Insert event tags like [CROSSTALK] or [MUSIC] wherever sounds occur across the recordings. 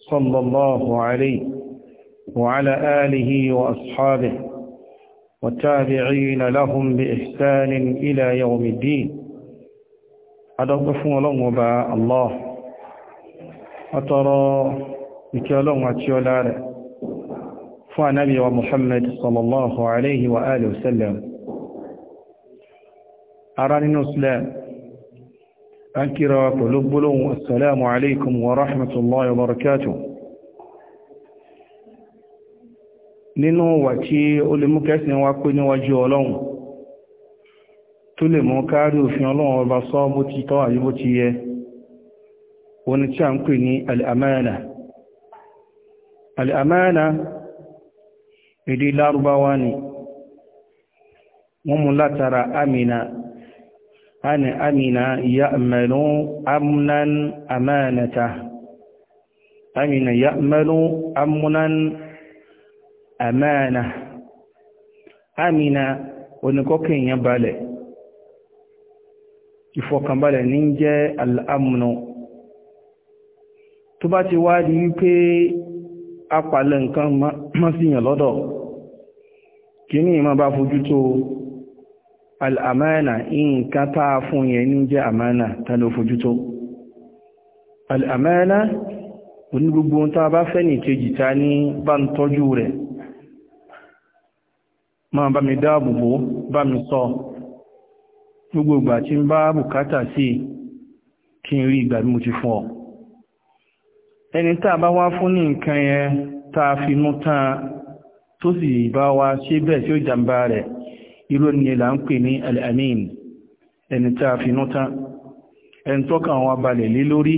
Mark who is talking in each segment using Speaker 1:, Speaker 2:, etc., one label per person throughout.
Speaker 1: صلى الله عليه وعلى آله وأصحابه وتابعين لهم بإحسان إلى يوم الدين أدغفوا لهم وباء الله أترى بكلام وتيولار فنبي ومحمد صلى الله عليه وآله وسلم أراني الإسلام àkírà pẹ̀lú gbólóhùn assalamu alaikum wa rahmatullahi wa barakatuh nínú wà tí ó lè mú kẹsìn wá pé níwájú ọlọ́run tó lè mú kárí òfin ọlọ́run ọba sọ bó ti tọ́ àyí bó ti yẹ wani tí a ń pè ní al'amana al'amana èdè lárúbáwá ni wọ́n mú látara amina أن أمن يأمن أمنا أمانته أمن يأمن أمنا أمانة أمن oníkọ́kẹ́ èèyàn balẹ̀ ìfọ̀kànbalẹ̀ ní jẹ́ al'amùnà tó ti di wípé apàlẹ̀ nǹkan mọ́ síyàn lọ́dọ̀ kí Kini ma bá al'amánà nǹkan tá a fún yẹn ní jẹ́ àmánà tá ló fojú tó al'amánà oní gbogbo tá a bá fẹ́ ní kejì ta ní bá ń tọ́jú rẹ̀ máa bá mi dáàbòbò bá mi sọ gbogbo tí ń bá bùkátà sí kí n rí ìgbà bí ti fún ọ ẹni tá bá wá fún ní nǹkan yẹn tá fi mú tán tó sì bá wa ṣe bẹ́ẹ̀ tí ó jàmbá rẹ̀ irú ni là ń pè ní al-amin ẹni tá a finú tán ẹni tọ́ka àwọn abalẹ̀ lé lórí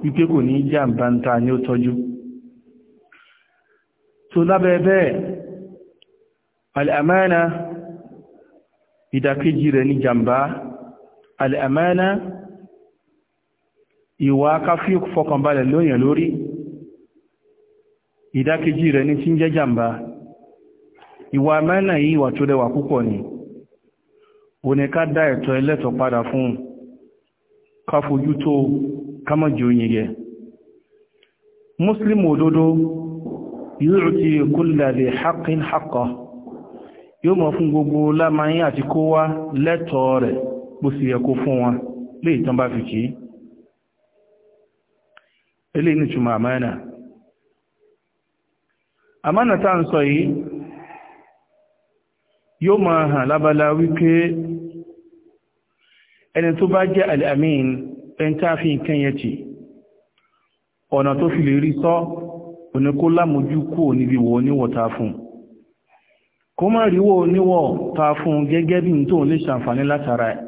Speaker 1: wípé kò ní jàǹbá ń ta ni ó tọ́jú tó lábẹ́ bẹ́ẹ̀ al-amana ìdàkejì rẹ̀ ní jàǹbá al-amana ìwà káfí fọkànbalẹ̀ lóyìn lórí ìdàkejì rẹ̀ ní tí ń jẹ́ jàǹbá ìwà amánà yìí ìwà tó rẹwà púpọ̀ ni ò ní ká dá ẹ̀tọ́ ẹlẹ́tọ̀ padà fún ká fojú tó ká má jẹ́ oyin yẹ muslim òdodo yóò ti kúlẹ̀ haqqin haqqa yóò mọ̀ fún gbogbo lámáyín àti kó wá lẹ́tọ̀ọ́ rẹ̀ bó sì yẹ fún wọn lè tán bá fi kìí eléyìí ní ìtumọ̀ àmánà àmánà tá ń sọ yìí yóò máa hàn lábala wípé ẹni tó bá jẹ́ al'amin ẹni tá fi nǹkan yẹ ti ọ̀nà tó fi lè rí sọ oníkó lámojú kú níbi wọ níwọ̀ ta fún kó má ríwọ̀ níwọ̀ ta fún gẹ́gẹ́ bí tó lè ṣàǹfàní látara ẹ̀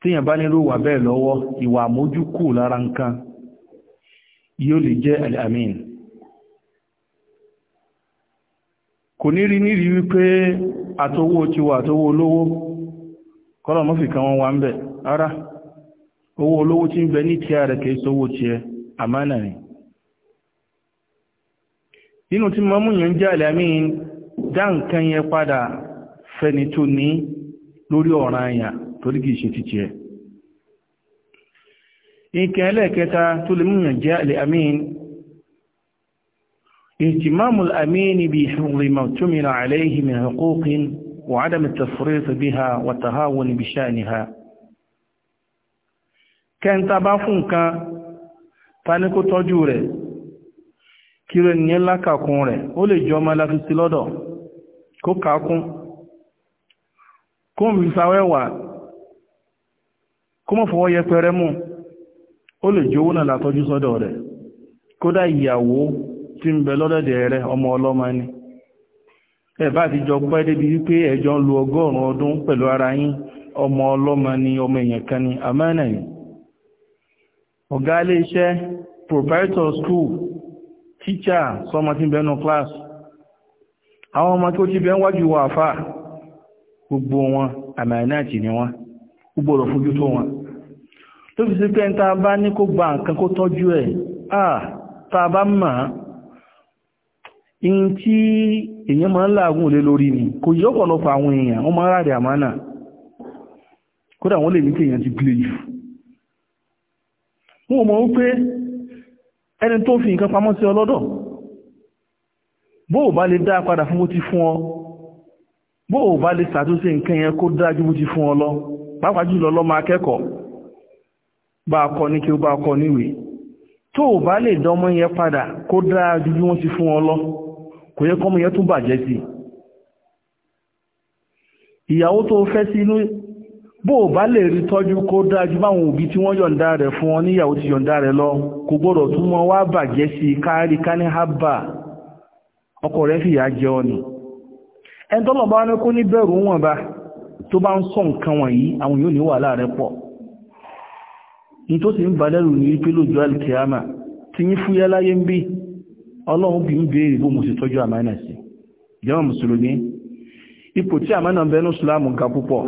Speaker 1: tíyàn bá nírò wà bẹ́ẹ̀ lọ́wọ́ ìwà àmójú kú lára nǹkan yóò lè jẹ́ al'amin kò ní rí nírí wípé àtowó tiwa àtowó olówó kọ́lọ̀ mọ́ fi kan wọn wà ń bẹ̀ owó olówó ń bẹ ní tí a rẹ̀ kìí sówó tí ẹ àmánà ni nínú tí mọ́mú yẹn dá nǹkan yẹn padà fẹ́ni tó ní lórí ọ̀ràn àyà torí kìí ṣe títí ẹ nǹkan ẹlẹ́ẹ̀kẹta tó lè اهتمام الأمين بحفظ ما اؤتمن عليه من حقوق وعدم التفريط بها والتهاون بشأنها كان تبافن كان تانيكو توجوري kíro ní lákàkún rẹ̀ ó lè jọ ọmọ aláfisí lọ́dọ̀ kó kàákún kó ń fi sáwẹ́wà kó mọ́ fọwọ́ yẹpẹrẹ mú ó lè jówó náà látọ́jú sọ́dọ̀ rẹ̀ kódà ìyàwó tí ń bẹ lọ́dọ̀dẹ̀ rẹ ọmọ ọlọ́mọ ni ẹ bá ti jọ pẹ́ débi wípé ẹjọ́ ń lo ọgọ́rùn-ún ọdún pẹ̀lú ara yín ọmọ ọlọ́mọ ni ọmọ èèyàn kan ni amánà yìí ọ̀gá ilé iṣẹ́ proprietor school teacher sọmọ tí ń bẹ nù class àwọn ọmọ tó ti bẹ ń wájú wa àfà gbogbo wọn àmàìnáàtì ni wọn gbogbo ọ̀rọ̀ fojú tó wọn tó fi sí pé ń ta bá ní kó gba nǹkan kó tọ́jú ẹ̀ ah ta bá mọ̀ in tí èyàn máa ń láàgùn lé lórí ni kò yí ọ̀pọ̀lọpọ̀ àwọn èèyàn wọ́n máa ráàdì àmánà kódà wọ́n lè ní kí èyàn ti gbé jù wọ́n mọ̀ wípé ẹni tó fi nǹkan pamọ́ sí ọlọ́dọ̀ bó ò bá lè dá padà fún bó ti fún ọ bó bá lè ṣàtúnṣe nǹkan yẹn kó dájú bó ti fún ọ lọ pàápàá jùlọ lọ́mọ akẹ́kọ̀ọ́ bá kọ ní kí ó bá kọ níwèé tó bá lè dánmọ́ yẹn padà kó dájú bí wọ́n ti fún ọ lọ kò yẹ kọ́mọ yẹn tún bàjẹ́ sí ìyàwó tó fẹ́ sí inú bó o bá lè rí tọ́jú kó dájú báwọn òbí tí wọ́n yọ̀ǹda rẹ̀ fún wọn níyàwó ti yọ̀ǹda rẹ̀ lọ kò gbọ́dọ̀ tún mọ́ wá bàjẹ́ sí kárí káni hábà ọkọ rẹ̀ fìyà jẹ ọ ni ẹni tọ́lọ̀ bá ní kó ní ń ọlọ́run bí ń béèrè bó mo sì tọ́jú àmánà sí jẹ́wọ́n mùsùlùmí ipò tí àmánà ń bẹnu sùlámù ga púpọ̀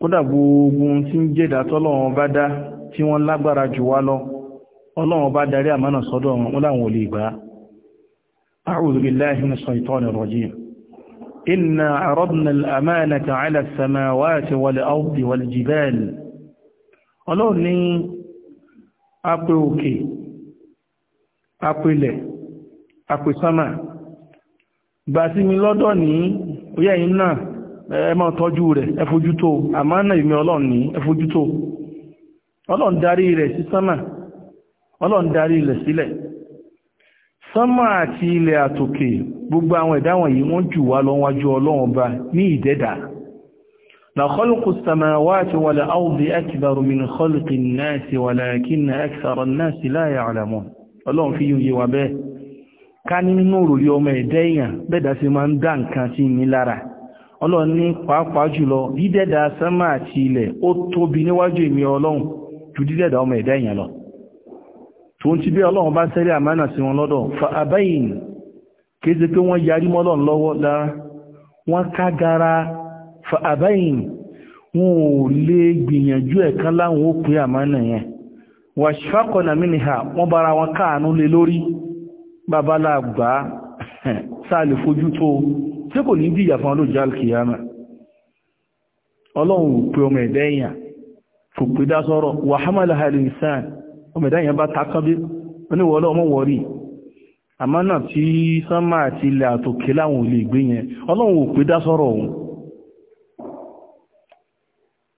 Speaker 1: kódà gbogbo tí ń jẹ́dà tọ́lọ́run bá dá tí wọ́n lágbára jù wá lọ ọlọ́run bá darí àmánà sọ́dọ̀ wọn láwọn ò lè أعوذ بالله من الشيطان الرجيم إنا عرضنا الأمانة على السماوات والأرض والجبال ọlọ́run ní apilẹ̀ apẹ̀sánmà gbà sí mi lọ́dọ̀ ní oyá yìí náà ẹ máa tọ́jú rẹ̀ ẹ fojú tó àmọ́ náà ìmẹ́ ọlọ́run ní ẹ fojú tó ọlọ́run darí rẹ̀ sí sánmà ọlọ́run darí rẹ̀ sílẹ̀ sánmà àti ilẹ̀ àtòkè gbogbo àwọn ẹ̀dá wọ̀nyí wọ́n jù wá lọ wájú ọlọ́run ọba ní ìdẹ́dà la khalqu samawati wal ardi akbaru min khalqi an-nasi walakinna akthara ọlọ́run fi yóò yé wa bẹ́ẹ̀ ká ní nínú rori ọmọ ẹ̀dẹ́ èèyàn bẹ́ẹ̀dá sí máa ń dá nǹkan sí ní lára ọlọ́run ní pàápàá jùlọ dídẹ́dà sánmà àti ilẹ̀ ó tóbi níwájú èmi ọlọ́run ju dídẹ́dà ọmọ ẹ̀dẹ́ èèyàn lọ tó ń ti bí ọlọ́run bá sẹ́lẹ̀ àmánà sí wọn lọ́dọ̀ fa abẹ́yìn kéde pé wọ́n yarí mọ́lọ́run lọ́wọ́ fa abẹ́yìn wọn ò lè gbìyànjú ẹ̀kan láwọn wàṣfàkọ̀nà mínìhà wọ́n bára wọn káànú [LAUGHS] lè lórí babalàgbà sáàlè fojú tó tí kò ní díyà fún olóòjá alkiyama ọlọ́run pé ọmọ ẹ̀dẹ́ èèyàn kò pé dásọ́rọ̀ wà hamala halisan ọmọ ẹ̀dẹ́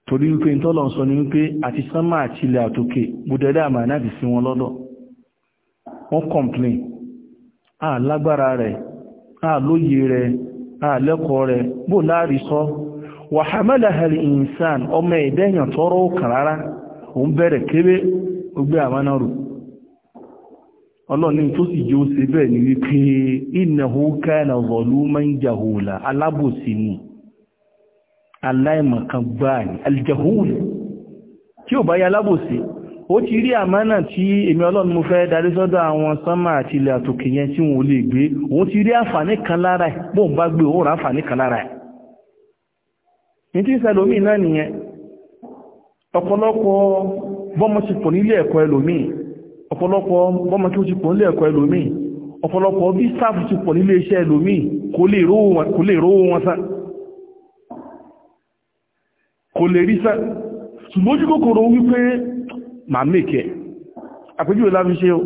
Speaker 1: torí wípé ìtọ́lọ̀ sọ ní wípé àti sánmà àti ilẹ̀ àtòkè gbùdẹ̀dẹ̀ àmà náà ti sí wọn lọ́dọ̀ wọ́n kọ̀m̀plín à lágbára rẹ̀ à lóye rẹ̀ à lẹ́kọ̀ọ́ rẹ̀ bó láàrí sọ wàhámẹ́lẹ̀ hẹ̀lì ìǹsàn ọmọ ẹ̀dẹ́yàn tọ́rọ kàn rárá òun bẹ̀rẹ̀ kébé ogbé àmánà rò ọlọ́ni tó sì jẹ́ ó ṣe bẹ́ẹ̀ ni wípé innahu kana zaluman jahula alábòsí ni aláìmọ̀kan gbáà ní aljahul tí ò bá yá lábòsí ó ti rí àmánà tí èmi ọlọ́run mo fẹ́ darí sọ́dọ̀ àwọn sánmà àti ilẹ̀ àtòkè yẹn tí wọ́n lè gbé òun ti rí àǹfààní kan lára ẹ̀ bó ń bá gbé òun rà àǹfààní kan lára ẹ̀ ní tí sẹlómi náà nìyẹn ọ̀pọ̀lọpọ̀ bọ́mọ nílé ẹ̀kọ́ ẹlòmíì ọ̀pọ̀lọpọ̀ bọ́mọ nílé ẹ̀kọ́ ẹlòmíì ọ̀pọ̀lọpọ̀ bí sáàfù ti pọ̀ nílé iṣẹ́ ẹlòmíì kò lè rówó wọn sán kò lè rí sẹ́ ṣùgbọ́n ojú kòkòrò wípé ma mẹ́kẹ́ àpéjúwẹ̀ láfi ṣe o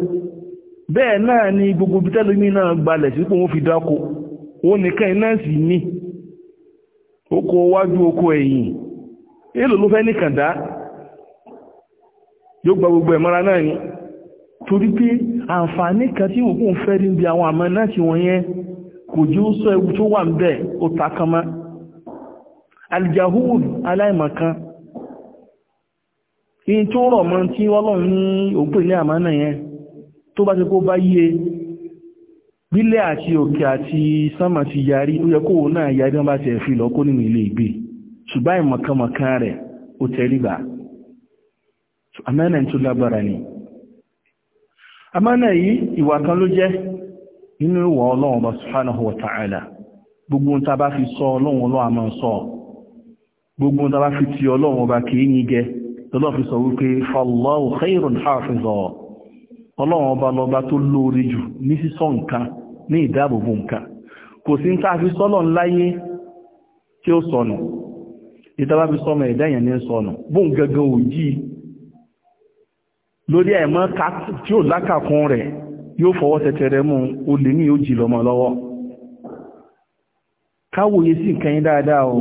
Speaker 1: bẹ́ẹ̀ náà ni gbogbo bitẹ́lú ní náà gbalẹ̀ sí pé wọ́n fi dáko wọ́n nìkan iná sì ní oko wájú oko ẹ̀yìn èlò ló fẹ́ nìkan dá yóò gba gbogbo ẹ̀mọ́ra náà ni torí pé àǹfààní kan tí òkú fẹ́ níbi àwọn àmọ́ náà tí wọ́n kò jí ó sọ ewu tó wà ń bẹ̀ ó takamá aljahul aláìmọ̀kan in tó rọ̀ mọ́ tí ọlọ́run ní òpè ní àmánà yẹn tó bá ti kó bá yíye bílẹ̀ àti òkè àti sánmà ti yarí ó yẹ kó wọ́n náà yarí wọ́n bá ti ẹ̀fì lọ kó nínú ilé ìgbé ṣùgbọ́n ìmọ̀kanmọ̀kan rẹ̀ ó tẹríba àmánà tó ni gbogbo tàbá fi ti ọlọ́run ọba kìí ní jẹ lọ́lọ́ fi sọ wípé fallahu khairun hafiza ọlọ́run ọba lọba tó lóore jù ní sísọ nǹkan ní ìdáàbòbò nǹkan kò sí ń tàà fi sọ́lọ̀ láyé tí ó sọnù ìtàbá fi sọmọ ẹ̀dá èèyàn ní sọnù bóun gangan ò lórí àìmọ́ tí ó lákàkún rẹ̀ yóò fọwọ́ tẹtẹrẹ mú o lè ní yóò jì lọ́mọ lọ́wọ́ káwòye sí nǹkan yín dáadáa o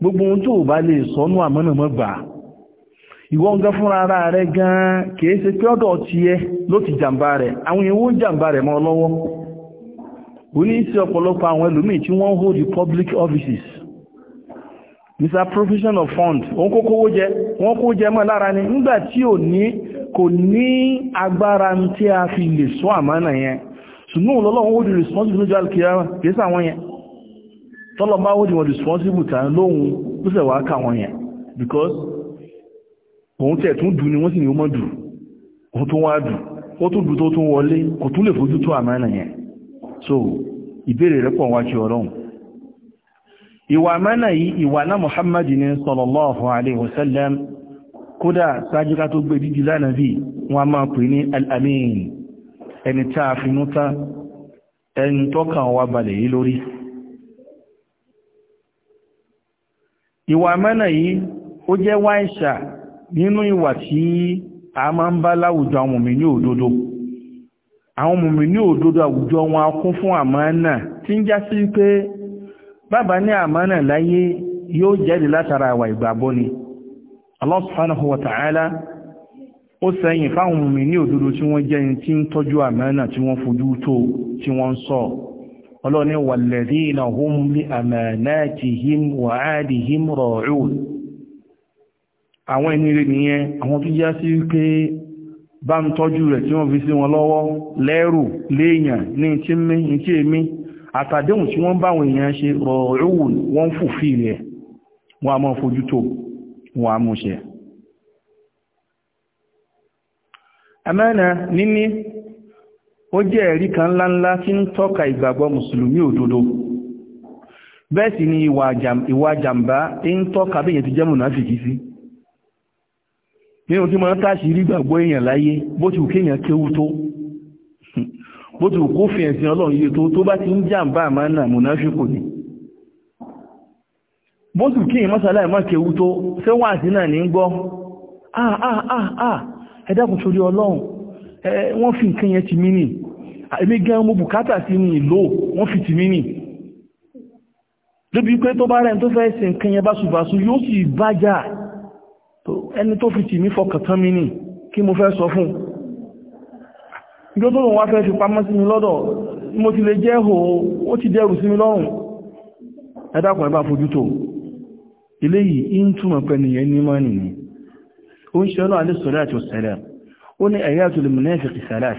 Speaker 1: gbogbo ohun tó bá lè sọ́nú àmọ́nàmọ́ gbà ìwọ́n gan fúnra ara rẹ̀ gan kìí ṣe pé ọ̀dọ̀ ti ẹ ló ti jàǹbá rẹ̀ àwọn èèwó jàǹbá rẹ̀ mọ́ lọ́wọ́ ó ọ̀pọ̀lọpọ̀ àwọn ẹlòmíì tí wọ́n hold the public offices mr provision of fund òun kó kówó jẹ wọ́n kó jẹ mọ́ lára ni nígbà tí ò ní kò ní agbára tí a fi lè sọ àmọ́nà yẹn ṣùgbọ́n lọ́lọ́wọ́n ó di responsibility lójú àlùkìyà kìí sàwọn yẹn tọ́lọ bá wó di wọn responsible tàn lóhun ló sẹ̀ wá kà wọn yẹn because òun tẹ̀ tún dù ni wọ́n sì ní ó mọ́ dù òun tó wá dù ó tún dù tó tún wọlé kò tún lè fojú tó àmánà yẹn so ìbéèrè rẹ̀ pọ̀ wájú ọlọ́run ìwà àmánà yìí ìwà náà Muhammad ní sallallahu alaihi wasallam kódà sájíká tó gbé dídí lánàbí wọn máa al-amin ẹni tá a finú tán ẹni ìwà mẹ́nà yìí ó jẹ́ wáìṣà nínú ìwà tí a máa ń bá láwùjọ àwọn mùmí ní òdodo àwọn mùmí ní òdodo àwùjọ wọn kún fún àmánà tí ń já sí pé bàbá ní àmánà láyé yóò jáde látara àwà ìgbàgbọ́ ni Allah subhanahu wa ta'ala ó sẹ́yìn fáwọn mùmí ní òdodo tí wọ́n jẹ́ ẹni tí ń tọ́jú ọlọ́ni walladhina hum li amanatihim wa ahdihim ra'un àwọn ẹni rẹ̀ nìyẹn àwọn tó já sí pé bá ń tọ́jú rẹ̀ tí wọ́n fi sí wọn lọ́wọ́ lẹ́rù léèyàn ní tí èmi àtàdéhùn tí wọ́n báwọn èèyàn ṣe rọ̀rùn wọ́n fò fí rẹ̀ wọ́n a mọ́ fojú tó wọ́n a mú ṣe ó jẹ́ ẹ̀rí kan ńláńlá tí ń tọ́ka ìgbàgbọ́ mùsùlùmí òdodo bẹ́ẹ̀ sì ni ìwà jàmbá ń tọ́ka bí èyàn ti jẹ́ mùnáfìkì sí nínú tí ma ń tàṣì rí gbàgbọ́ èèyàn láyé bó ti kí èèyàn kéwú tó bó ti kó fi ẹ̀sìn ọlọ́run yìí tó tó bá ti ń jàmbá àmánà mùnáfìkò ni bó ti kí èèyàn mọ́sálà ìmọ̀ kéwú tó ṣé wàásì náà ní ń gbọ́ ah ah ah ah ẹ dákun torí wọ́n fi nǹkan yẹn ti mí nì èmi gan mo bùkátà sí ní ìlò wọ́n fi ti mí nì lóbi pé tó bá rẹ̀ tó fẹ́ ṣe nǹkan yẹn báṣubàṣu yóò sì bájà ẹni tó fi tì mí fọkàn tán mi nì kí mo fẹ́ sọ fún ìjọ tó lòun wá fẹ́ fi pamọ́ sí mi lọ́dọ̀ mo ti lè jẹ́ hò ó ti dẹrù sí mi lọ́rùn ẹ dákun ẹ bá fojú ń túmọ̀ pẹ́ nìyẹn ní mọ́nì ni ó ń ṣe ọlọ́ alẹ́ àti ọ̀sẹ̀rẹ́ ó ní ẹ̀yà tó lè mùnáfíkì sàlás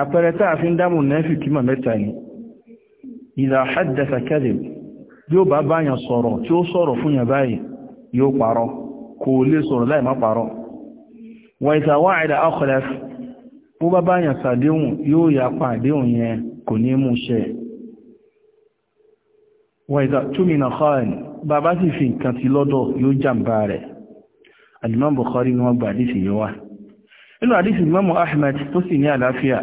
Speaker 1: àpẹẹrẹ tá a fi ń dá mùnáfíkì mọ̀ mẹ́ta ni ìdá haddatha kadhib yóò bá báyàn sọ̀rọ̀ tí ó sọ̀rọ̀ fún yàn báyìí yóò parọ́ kò lè sọ̀rọ̀ láì má parọ́ wà ìta wa'ada Al-Imam Bukhari ni wọ́n gbà àdìsí yìí wá nínú àdísì mọ́mù ahmed tó sì ní àlàáfíà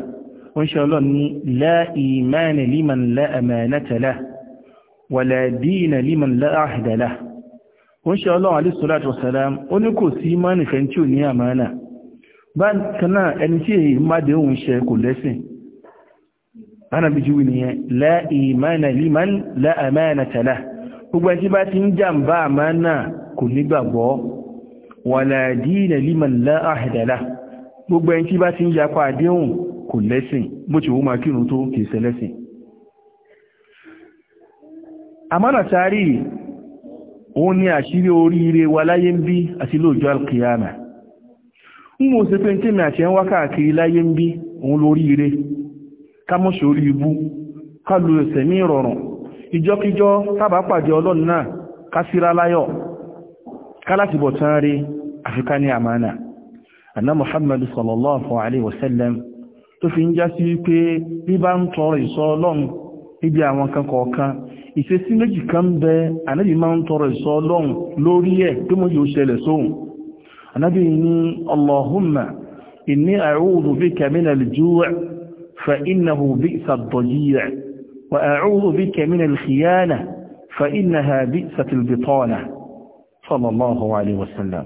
Speaker 1: wọ́n ṣe ọlọ́n ní láìmánì liman láàmẹ́nẹ́tẹ̀lá wàlẹ̀dínà liman láàdẹ̀lá wọ́n ṣe ọlọ́n àdísọ́láàtì wasalam ó ní kò sí mánì fẹ́ntí ò ní àmánà bá kanáà ẹni tí èyí máde òun ṣe kò lẹ́sìn ánàbí jíwì nìyẹn láìmánì liman láàmẹ́nẹ́tẹ̀lá gbogbo ẹni tí bá ti ń jàǹbá àmánà kò nígbàgbọ́ wàlẹ̀dínà gbogbo ẹni tí bá ti ń yapa àdéhùn kò lẹ́sìn bó ti wó máa kírun tó kìí ṣe àmọ́nà tàárí òun ni àṣírí oríire wa láyé ń bí àti lóòjọ́ alkiyama ń mú pé tí mi àti ẹn wá káàkiri láyé ń bí òun lóríire ká mọ́ sórí ibú ká lu ẹsẹ̀ ní ìrọ̀rùn ìjọkíjọ́ tábà pàdé ọlọ́run náà ká láyọ̀ àná Muhammad sallallahu alaihi wasallam tó fi ń já sí wípé bí bá ń tọrọ ìṣọ́ ọlọ́run níbi àwọn kan kọ̀ọ̀kan ìṣesí méjì kan bẹ ànábì máa ń tọrọ ìṣọ́ ọlọ́run lórí ẹ̀ pé mo yóò ṣẹlẹ̀ sóhun ànábì ní Allahumma inni a'udhu bika min al-ju' fa innahu bi'sa ad-daji' wa a'udhu bika min al-khiyana fa innaha bi'sat al-bitana sallallahu alaihi wasallam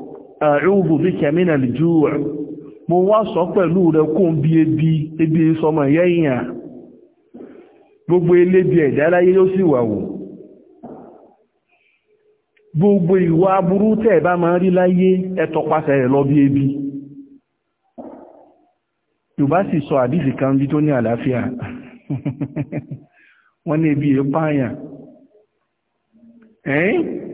Speaker 1: a'udhu bika min al-ju' mo wá sọ pẹ̀lú rẹ kó ń bí ebi ebi sọmọ ìyá èèyàn gbogbo elébi ẹ̀dá láyé ló sì wà wò gbogbo ìwà aburú tẹ̀ bá máa rí láyé ẹtọpasẹ̀ rẹ̀ lọ bí ebi yorùbá sì sọ àdìsí kan bí tó ní àlàáfíà [LAUGHS] wọ́n ní ebi èèpààyàn ẹ́yìn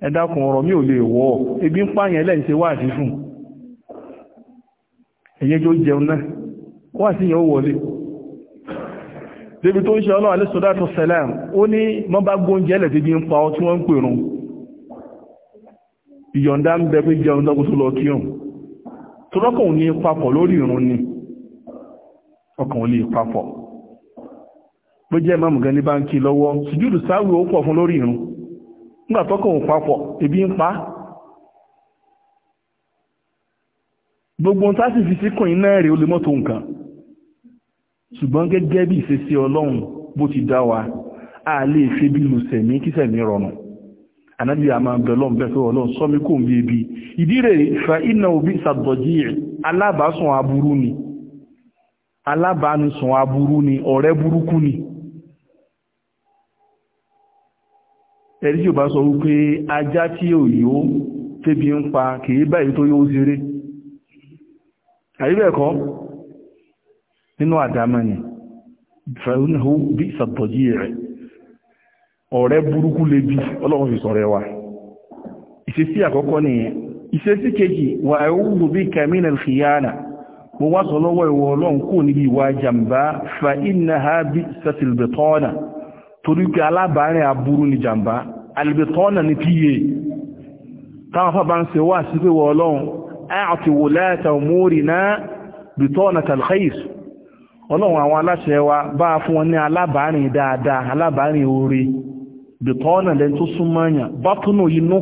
Speaker 1: ẹ dákun ọ̀rọ̀ mi ò lè wọ́ ebi ń pààyàn lẹ́yìn ṣe wáàsí fún ẹ̀yẹ́ jó jẹun náà wáàsí yẹn ó wọlé débi tó ń ṣe ọlọ́run alẹ́sọ̀dátọ̀ sẹ́lẹ̀m ó ní wọ́n bá gbóúnjẹ ẹlẹ̀ débi ń pa ọ tí wọ́n ń pèrún ìyọ̀ǹda ń bẹ pé nígbà tọ́kàn ò papọ̀ ebi ń pa gbogbo ohun tásì fi síkùn iná rèé ó lè mọ́tò nǹkan ṣùgbọ́n gẹ́gẹ́ bí ìṣesí ọlọ́run bó ti dá wa a lè fi bí lu sẹ̀mí kí sẹ̀mí rọrùn ànábì àmà bẹ̀lọ́n bẹ̀fẹ́ ọlọ́run sọ́mí kò ń bí ebi ìdí rẹ̀ fa iná òbí sàdọ̀jì alábàásùn aburú ni alábàánusùn aburú ni ọ̀rẹ́ burúkú ni ẹ̀rí yóò bá sọ wípé ajá tí ò yíó tébí ń pa kìí báyìí tó yóò ṣeré àyíbẹ̀ẹ̀kọ́ nínú àdámẹ́ni fẹ́húnhó bí ìsàtọ̀jí rẹ̀ ọ̀rẹ́ burúkú lè bí ọlọ́run fi sọ̀rẹ́ wa ìṣesí àkọ́kọ́ nìyẹn ìṣesí kejì wà àìwúrò bí kàmínà fìyànà mo torí pé alábàárìn aburú ni jàmbá alìbẹ̀tọ́nà ni píye táwọn fà bá ń se wá sí pé wọ ọlọ́run àti wò láta mórí náà bìtọ́nà wa bá fún wọn ní alábàárìn dáadáa alábàárìn oore bìtọ́nà lẹ́n tó súnmọ́yàn bátúnù inú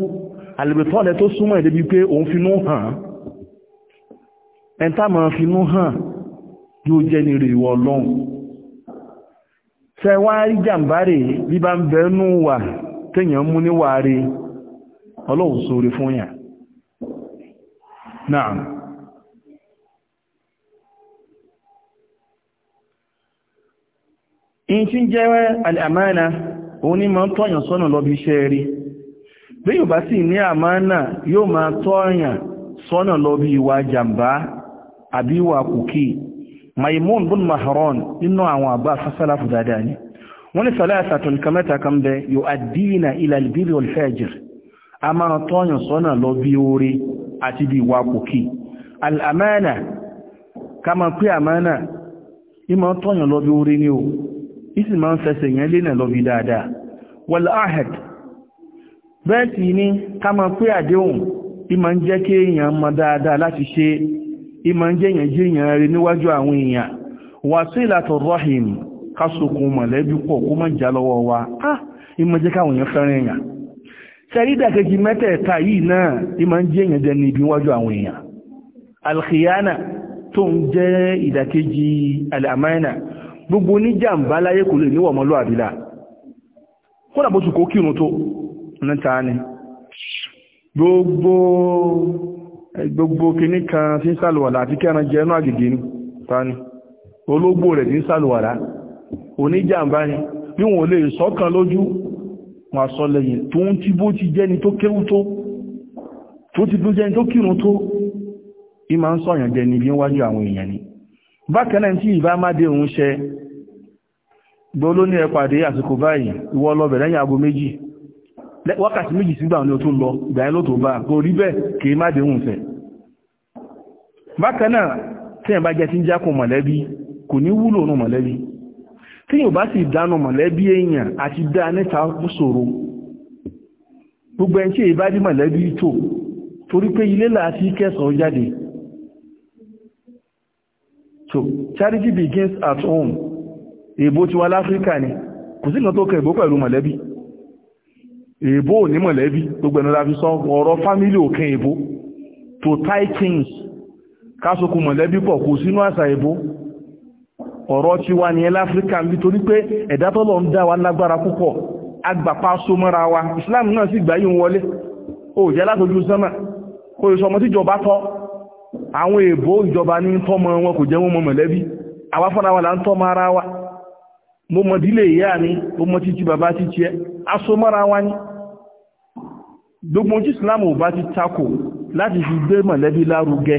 Speaker 1: alìbẹ̀tọ́nà tó súnmọ́ ìdẹ́bí pé òun finú hàn ẹ̀ntàmọ̀ finú hàn yóò jẹ́ nírí ìwọ ọlọ́run tẹ wá rí jàmbá bí bá ń bẹ̀ẹ́nú wà tẹ́yàn mú níwà rí ọlọ́run sóre fún yà náà in tí jẹ́ al'amána òun ní ma ń tọ́yàn sọ́nà lọ́bí iṣẹ́ rí bí yóò bá sì ní àmánà yóò ma tọ́yàn sọ́nà lọ́bí ìwà jàmbá àbí ìwà maimun bin mahron nínú àwọn àbá sásálàfù dáadáa ni wọ́n ní sàlẹ́sà tó nǹkan mẹ́ta kan bẹ yóò àdínà ilẹ̀ albiri olfẹ́jìr a máa tọ́yàn sọ́nà lọ bí orí àti bí wà kòkí al'amana ká máa pé àmánà ní máa tọ́yàn lọ bí orí ní o isi máa ń fẹsẹ̀ yẹn lé lọ bí dáadáa wal ahad ni ká máa pé àdéhùn ní máa ń jẹ́ kéèyàn mọ láti ṣe ìmọ̀ jẹ́yàn jẹ́yàn rẹ̀ níwájú àwọn èèyàn wasilatur rahim kásòkun mọ̀lẹ́bí pọ̀ kó mọ̀ já lọ́wọ́ wa ah ìmọ̀ jẹ́ káwọn èèyàn fẹ́ràn èèyàn sẹ́rídàkejì mẹ́tẹ̀ẹ̀ta yìí náà ìmọ̀ jẹ́yàn jẹ́ níbi wájú àwọn èèyàn alkhiyana tó ń jẹ́ ìdàkejì alamana gbogbo oníjàmbá láyé kò lè níwọ̀ gbogbo gbogbo kìíní kan tí ń sàlùwàlá àti kẹran jẹ inú àgègè ní tani ológbò rẹ̀ tí ń sàlùwàlá oníjàmbá ni bí wọn lè sọ́kàn lójú wọn sọ lẹ́yìn tó ń tí bó ti jẹ́ni tó kéwú tó tó ti bó jẹ́ni tó kírun tó ìmá ń sọ̀yàn jẹni bí wájú àwọn èèyàn ni bákan náà tí ìbá má dé òun ṣe gbọ́ ló ní ẹ pàdé àsìkò báyìí ìwọ lọ bẹ̀rẹ̀ lẹ́yìn méjì wákàtí méjì sígbà ní o tó lọ ìgbà yẹn ló tó bá kò rí bẹ́ẹ̀ kì má dé òun fẹ́ bákan tí ẹ̀ bá jẹ́ tí ń jákò mọ̀lẹ́bí kò ní wúlò nù mọ̀lẹ́bí tí yóò bá sì dánù mọ̀lẹ́bí èèyàn àti dá níta ṣòro gbogbo ẹni èyí bá dí mọ̀lẹ́bí tò torí pé ilé láti kẹsàn jáde so charity begins at home èbó ti wá láfíríkà ni kò sí kan tó kẹ èbó pẹ̀lú mọ̀lẹ́bí èbó ò ní mọ̀lẹ́bí gbogbo ẹni láfi sọ ọ̀rọ̀ fámílì òkè èbó to tie things kásokù mọ̀lẹ́bí pọ̀ kò sínú àṣà ìbò ọ̀rọ̀ tí wá ní ẹlá áfíríkà bí torí pé ẹ̀dá tọ́lọ̀ ń dá wa lágbára púpọ̀ agbàpá so mọ́ra wa islam náà sì gbáyé wọlé ó jẹ́ látojú sánmà ó yẹ sọmọ tíjọba tọ́ àwọn èèbó ìjọba ní tọ́mọ wọn kò jẹ́ wọn mọ̀lẹ́bí àwa fúnra wa là ń tọ́mọ ara wa mo mọ dílé ìyá ni mo mọ títí bàbá títí ẹ aso mọ́ra wa ni gbogbo tí islam ò bá ti takò láti fi gbé mọ̀lẹ́bí lárugẹ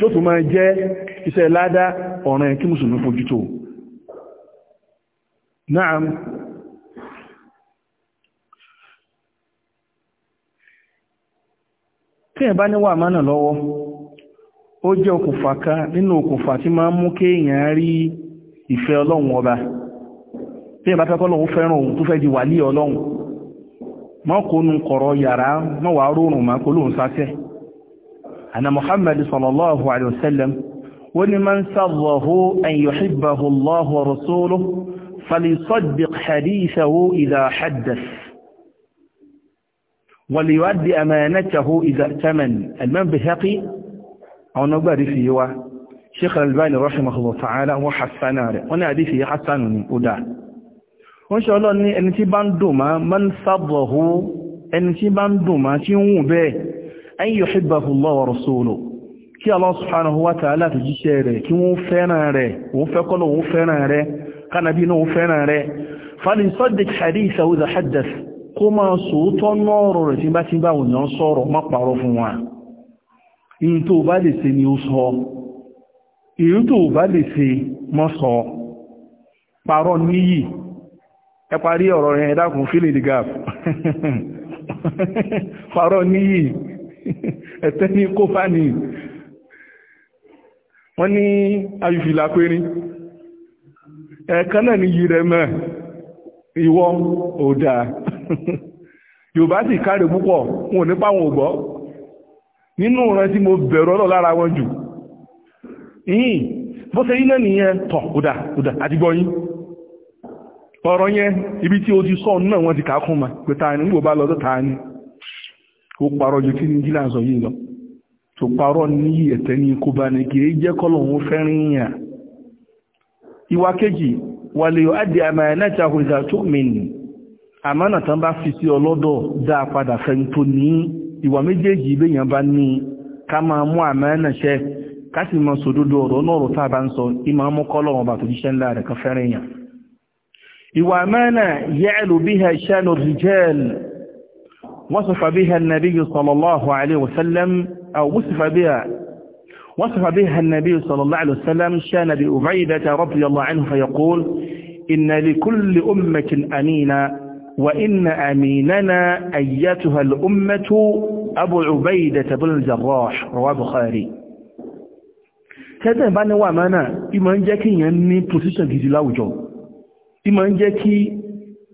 Speaker 1: tí ó tún máa jẹ́ iṣẹ́ ládá ọ̀ràn kí musulmi fojú tó náà tí ẹ̀ bá níwà mánà lọ́wọ́ ó jẹ́ okùnfà kan nínú okùnfà tí máa ń mú èyàn rí ìfẹ́ ọlọ́run ọba tí ẹ̀ bá fẹ́ kọ́lọ́run fẹ́ràn tó fẹ́ di ọlọ́run mọ́kónú kọ̀rọ̀ yàrá mọ́wàá أن محمد صلى الله عليه وسلم ولمن سره أن يحبه الله ورسوله فليصدق حديثه إذا حدث وليؤدي أمانته إذا ائتمن المن أو نبري فيه هو شيخ الألباني رحمه الله تعالى وحسنه ونادي فيه حسن أداه وإن شاء الله ẹni tí bá ń dùn máa ń sábọ̀ hó ẹni an yuhibbahu Allah wa rasuluhu kí Allah subhanahu wa ta'ala wata ala rẹ̀ kí wọ́n fẹ́ràn rẹ̀ wọ́n fẹ́ kọ́lọ̀ wọ́n fẹ́ràn rẹ̀ kánàbí náà wọ́n fẹ́ràn rẹ̀ fali sọ́dìk hadith awúzà haddath kó máa sòótọ́ nọ́ọ̀rọ̀ rẹ̀ tí fún wa fílì [LAUGHS] [LAUGHS] ẹ̀tẹ́ ní kó fà ní wọ́n ní ayùfìlà pérín ẹ̀ẹ̀kan náà ní yìí rẹ̀ mọ́ ìwọ ò dáa [LAUGHS] bá sì káre púpọ̀ wọn ò nípa wọn ò gbọ́ nínú ìran tí mo bẹ̀rù lára wọn jù yìí bó ṣe iná nìyẹn tọ̀ òdà òdà ibi ó parọ́ ju kí ní jílà sọ yìí lọ tó parọ́ ní ẹ̀tẹ́ ní kó bá ní kìí jẹ́ kọ́lọ̀hún fẹ́rin yàn ìwà kejì wà lè adì àmà ẹ̀nẹ́ta òjá tó mìíràn àmánà tán bá fi sí ọlọ́dọ̀ dá padà fẹ́ni tó ní ìwà méjèèjì béèyàn bá ní ká máa mú àmánà ṣẹ ká sì máa sòdodo ọ̀rọ̀ náà ọ̀rọ̀ tá a bá ń sọ ìmọ̀ ọmọ kọ́lọ̀hún bàtò jíṣẹ́ ńlá rẹ̀ kan fẹ́rin yàn ìwà àmánà ya'lu biha sha'nu rijal وصف بها النبي صلى الله عليه وسلم أو وصف بها وصف بها النبي صلى الله عليه وسلم شان بأبيدة رضي الله عنه فيقول إن لكل أمة أمينا وإن أميننا أيتها الأمة أبو عبيدة بن الجراح رواه البخاري tẹ́tẹ̀ bá وامانا wà máa náà ìmọ̀ ń لاوجو kí èèyàn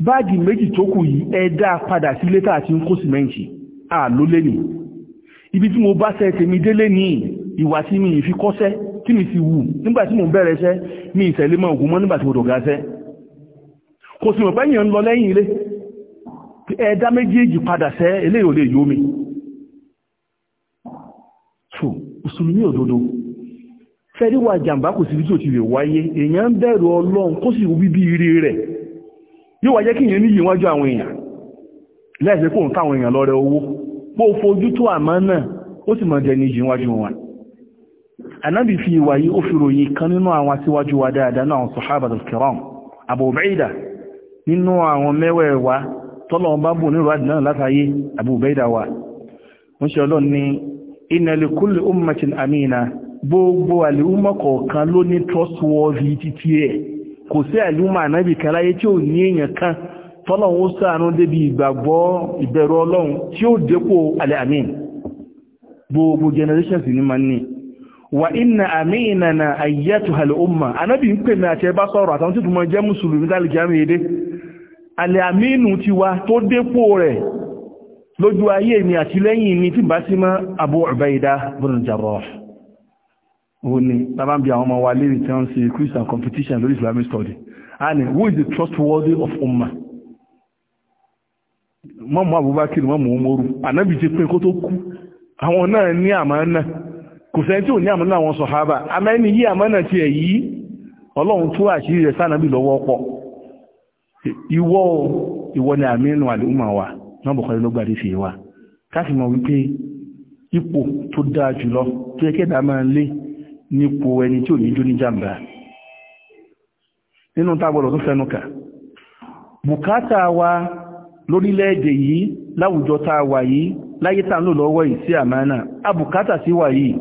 Speaker 1: báàgì méjì tó kù yìí ẹ̀dá padà sí létà àti ń kó sìmẹ́ǹtì àló lẹ́nì ibi tí mo bá sẹ́ tèmi délé ní ìwà tí mi fi kọ́sẹ́ tí mi ti wù nígbà tí mo bẹ̀rẹ̀ iṣẹ́ mi ìtẹ̀lé mọ́ ògùn mọ́ nígbà tí mo dọ̀gá sẹ́ kò sì mọ̀ pé èèyàn ń lọ lẹ́yìn ilé ẹ̀dá méjèèjì padà sẹ́ yi wa jẹ́ kí èèyàn níyì wájú àwọn èèyàn lẹ́ẹ̀sẹ̀ kó ń fáwọn èèyàn lọ́rẹ owó pó fojú tó àmọ́ náà ó sì mọ̀ jẹ́ níyì wọn anábì fi ìwà yìí ó fi ròyìn kan nínú àwọn aṣíwájú wa dáadáa náà sọ̀hábàtul kiram Abu Ubaida nínú àwọn mẹ́wẹ̀ẹ̀wá tọ́lọ̀ bá bù nírò àdínà látàyé Abu wa wọ́n ṣe ọlọ́run ní inna kò sí àìlúmọ̀ ànábì kan láyé tí ò ní èèyàn kan tọ́lọ́run ó ṣàánú débi ìgbàgbọ́ ọlọ́run tí ó dépò alẹ́ àmín gbogbo generations ni ma ní wà inna àmìnà na ayyatu al'umma anábì ń pè ní àti ẹbá àtàwọn jẹ́ Abu ó ní bàbá ń bi àwọn ọmọ wa lérí tí wọ́n ń ṣe Christian competition lórí Islamic study and who is the trustworthy of umma mọ́mọ́ Abubakar mọ́mọ́ Umaru ànábì ti pín kó tó kú àwọn náà ní àmánà kò sẹ́ni tí ò ní àmánà àwọn sọ̀hábà amẹ́ni yí àmánà ti ẹ̀ yí ọlọ́run tó àṣírí rẹ̀ sánàbì lọ́wọ́ pọ̀ ìwọ ìwọ ni àmì ìnù àlùmọ̀ wa náà bọ̀kọ́ ló gbàdé fi wa káfí mọ̀ wípé ipò tó dáa jùlọ tó yẹ kẹ́dàá máa lé nípo ẹni tí ò ní jó ní jàmbá nínú tágbọ́dọ̀ tó fẹ́nu kà bùkátà wa lórílẹ̀-èdè yìí láwùjọ tá a wà yìí láyé tá a ń lò lọ́wọ́ yìí sí àmánà abùkátà sí wà yìí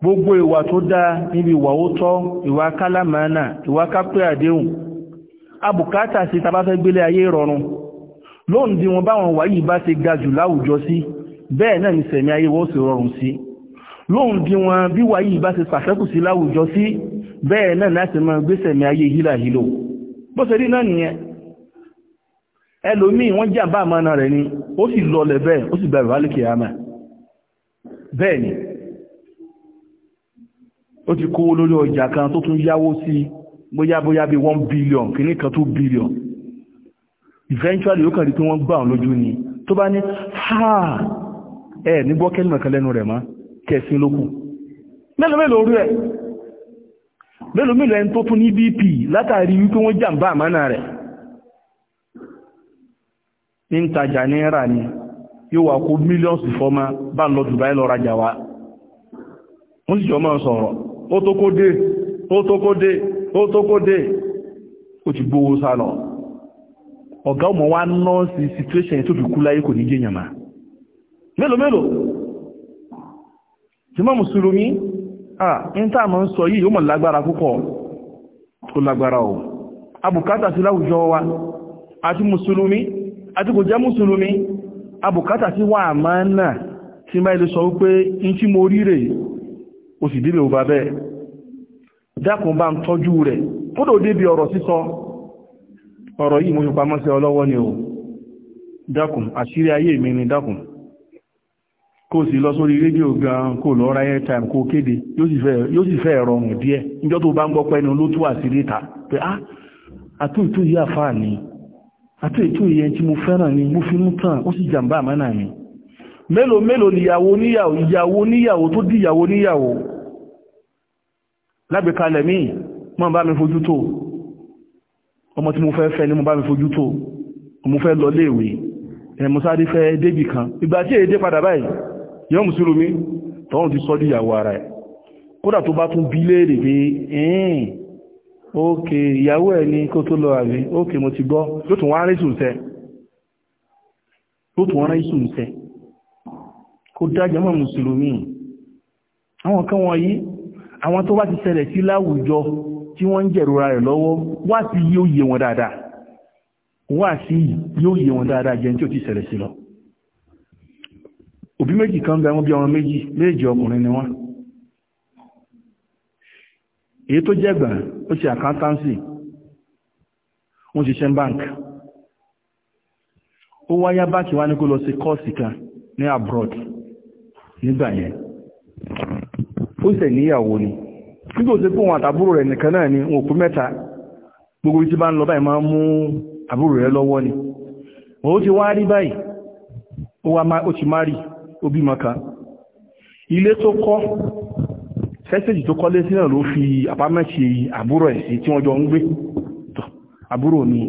Speaker 1: gbogbo ìwà tó dáa níbi ìwà ó tọ́ ìwà kálámánà ìwà kápẹ́ àdéhùn abùkátà sí tá a bá fẹ́ gbélé ayé rọrùn lóǹdí wọn báwọn wà yìí bá ṣe ga jù láwùjọ sí bẹ́ẹ̀ náà ni sẹ̀mí ayé wọ́n sì rọrùn sí i lóhun di wọn bí wàyí bá ti pàṣẹ́kù sí láwùjọ sí bẹ́ẹ̀ náà láti máa gbésẹ̀ mi ayé hílà hílò bó ṣe rí náà nìyẹn ẹlòmíì wọ́n jàmbá àmàna rẹ̀ ni ó sì lọlẹ̀ bẹ́ẹ̀ ó sì bẹ̀rẹ̀ wálìkì àmà bẹ́ẹ̀ ni ó ti kówó lórí ọjà kan tó tún yáwó sí bóyá bóyá bí one billion kìíní kan two billion eventually ó kàn rí pé wọ́n gbà ọ́n lójú ni tó bá ní ha ẹ̀ ní gbọ́kẹ́lì mọ̀kan lẹ́nu rẹ̀ máa kẹsìn lókù mélòó mélòó orí ẹ̀ mélòó mélòó ẹni tó tún ní bp látàrí wípé wọ́n jàǹbá àmánà rẹ̀ ní ń n'i ní rà ní yóò wà kó mílíọ̀nsì fọ́má bá lọ Dubai lọ rajà wá wọ́n sì jọ máa sọ̀rọ̀ ó tó kó dé ó tó kó dé ó tó kó dé ó wa situation tó fi kú láyé kò ní jùmọ́ mùsùlùmí in tá ma ń sọ yìí ó mọ̀ lágbára púpọ̀ kò lágbára ò abùkátà sí láwùjọ wa àti mùsùlùmí àti kò jẹ́ mùsùlùmí abùkátà sí wà máa náà tí máa ilé sọ wípé in tí mo ríre o rẹ̀ kódò ò kó sì lọ sórí rédíò gan kó lọ ra airtime kó kéde yóò sì fẹ́ rọrùn díẹ̀ níjọ́ tó bá ń gbọ́ pẹ́nu ló tú àṣírí ta pé á ah, àtúntò yìí àfáà ni àtúntò yìí ẹni tí mo fẹ́ràn ni mo fi mú tàn ó sì jàǹbá àmánà mi mélòó mélòó níyàwó níyàwó ìyàwó níyàwó tó di ìyàwó níyàwó lágbèkalẹ̀ míì mọ́ bá mi fojú tó ọmọ tí mo fẹ́ fẹ́ ni mo bá mi fojú tó mo fẹ́ lọ léèwé ẹ̀ fẹ́ débì kan ìgbà tí èdè padà báyìí yọ́ mùsùlùmí tọ́wọ́n ti sọ́ díyàwó ara ẹ̀ kódà tó bá tún bí léèrè pé ẹ̀ẹ́n ókè ìyàwó ẹ̀ ní kó tó lọ àrí ókè mo ti gbọ́ ló tún wọ́n rí sùnsẹ́ ló tún wọ́n rí sùnsẹ́ kó dájọ́ mọ́ mùsùlùmí àwọn kan wọ̀nyí àwọn tó bá ti ṣẹlẹ̀ sí láwùjọ tí wọ́n ń jẹ̀rora rẹ̀ lọ́wọ́ wá sí yóò yé wọn dáadáa wá sí yóò yé wọn dáadáa jẹ́ tí ó ti ṣẹlẹ̀ sí lọ òbí méjì kan bẹ wọ́n bí ọmọ méjì méjì ọkùnrin ni wọ́n èyí tó jẹ́gbà ó ṣe àkántánsì wọ́n ṣiṣẹ́ bank ó wáyá báńkì wá ní kó lọ sí kọ́ọ̀sì kan ní abroad nígbà yẹn ó sẹ̀ níyàwó ni nígbò sí fún àtàbúrò rẹ̀ nìkan náà ni wọn òkú mẹ́ta gbogbo tí bá ń lọ báyìí máa ń mú àbúrò rẹ̀ lọ́wọ́ ni ó ti wá rí báyìí ó ti má rí Obi bímọ kan ilé tó kọ́ sẹ́sẹ̀jì tó kọ́lé sí náà ló fi àpámẹ́ṣe àbúrò ẹ̀ sí tí wọ́n jọ ń gbé àbúrò mi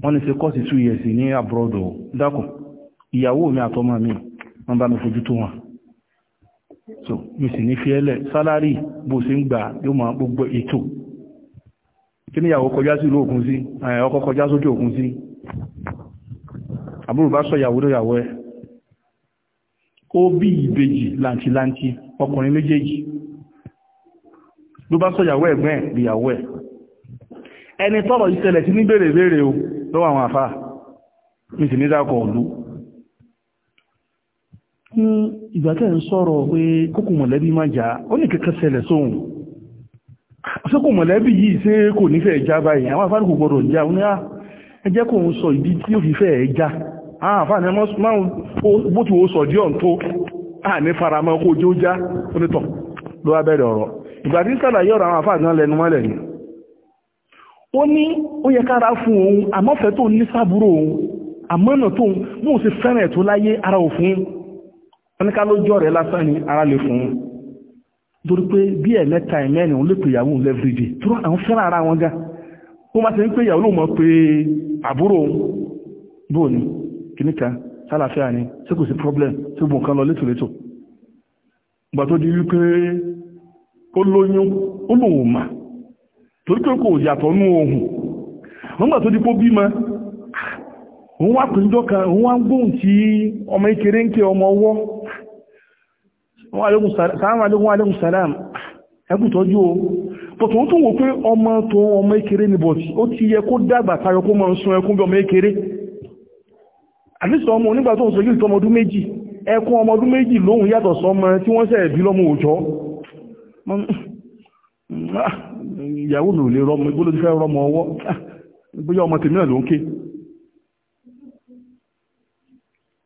Speaker 1: wọ́n ní ṣe kọ́ọ̀sì two years ní àbúrọ̀dọ̀ dákùn ìyàwó mi àtọmọ mi wọ́n bá mi fojú tó wọn so mi sì ní fi ẹlẹ̀ sálárì bó ṣe ń gbà yóò máa gbogbo ètò kí níyàwó kọjá sí ìlú òkun sí ọkọ kọjá sójú òkun sí àbúrò bá sọ ìyàwó lóyàwó ẹ̀ ó bí ìbejì làǹtìlàǹtì ọkùnrin méjèèjì ló bá sọ̀yàwó ẹ̀gbẹ́ ìyàwó ẹ̀ ẹni tọ́rọ̀ ìṣẹ̀lẹ̀ tí ní bèèrè bèèrè o lọ́wọ́ àwọn àfà mi sì ní dákọ̀ ọ̀lú ní ìgbà tẹ́ ń sọ̀rọ̀ pé kókò mọ̀lẹ́bí má jà ó ní kẹ́kẹ́ ṣẹlẹ̀ sóhun ṣé kò mọ̀lẹ́bí yìí ṣé kò ẹjẹ́ ah, kò ń sọ ìdí tí ó fi fẹ́ẹ̀ já àfáàní ah, máa bó ti wo sọ díọ̀ tó àní faramọ́ kó jó já onítọ̀ ló wá bẹ̀rẹ̀ ọ̀rọ̀ ìgbà tí sàlàyé ọ̀rọ̀ àwọn àfáàní lẹnu mọ́lẹ̀ ni ó ní ó yẹ kára fún òun àmọ́fẹ́ tó ní sábúrò òun àmọ́nà tó bóun sì fẹ́ràn ẹ̀ tó láyé ara òfin oníká lójọ́ rẹ̀ lásán ni ara lè fún un torí pé bí ẹ̀mẹ́ta ẹ̀mẹ́rin òun lè pè ìyàwó òun lẹ́fìrìdì tó àwọn fẹ́ràn ara wọn ga ó máa ti ń pè ìyàwó lóun mọ̀ pé àbúrò òun bóun ni kìníkà sálàáfíà ni tí kò sí problem tí gbogbo nǹkan lọ létòlétò gbà tó di wípé ó lóyún ó lòun mà torí pé kò yàtọ̀ nú ohun wọ́n gbà tó di pó bímọ òun wá pèjọ kan òun wá gbóhùn tí ọmọ ìkéré ń ké ọmọ ọwọ́ sáàmà lókun alẹ́kùn sàlám ẹkùn tọ́jú o pọ̀tọ̀ ó tún wò pé ọmọ tó ọmọ ìkéré nìbọ̀ ó ti yẹ kó dàgbà tayọ kó mọ̀ ń sun ẹkún bí ọmọ ìkéré àdísọ ọmọ onígbà tó ń sojú ìtọ́ ọmọdún méjì ẹkún ọmọdún méjì lóhun yàtọ̀ sọmọ tí wọ́n sẹ̀ bí lọ́mọ òjọ́ ìyàwó mi ò lè rọmọ igbóló ti fẹ́ rọmọ ọwọ́ bóyá ọmọ tèmi náà ló ń ké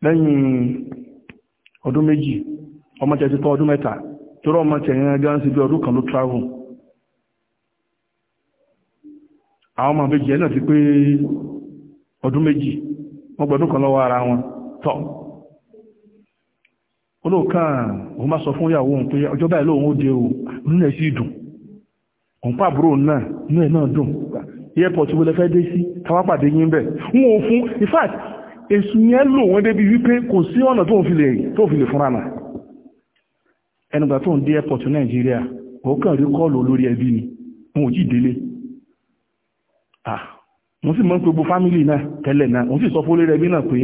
Speaker 1: lẹ́yìn ọdún méjì ọmọ tẹ̀ ti tọ́ ọdún mẹ́ta torí ọmọ tẹ̀ yẹn gan sí bí ọdún kan ló travel àwọn ọmọ méjì ẹ̀ náà ti pé ọdún méjì wọ́n gbọ́dún kan lọ́wọ́ ara wọn tọ́ olóòkàn òun bá sọ fún ìyàwó òun pé ọjọ́ báyìí lóòun ó dé o nínú ẹ̀ sí dùn òun pàbúrò náà nínú ẹ̀ náà dùn airport wọlé fẹ́ dé sí táwa pàdé yín bẹ̀ wọn ò fún in fact èsù yẹn lò wọ́n débi wípé kò sí ọ̀nà tó fi lè tó fi lè fúnra nà ẹnugbà tó ń dé airport nàìjíríà ó kàn rí kọ́ọ̀lù olórí ẹbí ni wọn ò jí délé ah wọ́n sì mọ́ pé gbogbo fámílì náà tẹ́lẹ̀ náà wọ́n sì sọ fólé rẹ̀ bí náà pé